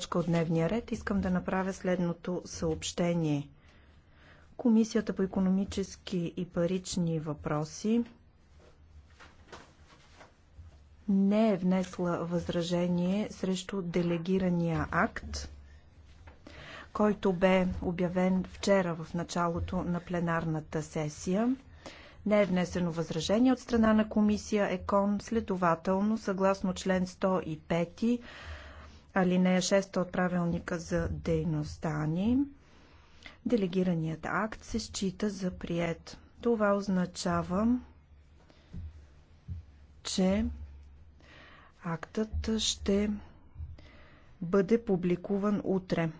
точка от дневния ред искам да направя следното съобщение. Комисията по економически и парични въпроси не е внесла възражение срещу делегирания акт, който бе обявен вчера в началото на пленарната сесия. Не е внесено възражение от страна на комисия ЕКОН, следователно, съгласно член 105 алинея 6 от правилника за дейността ни, делегираният акт се счита за прият. Това означава, че актът ще бъде публикуван утре.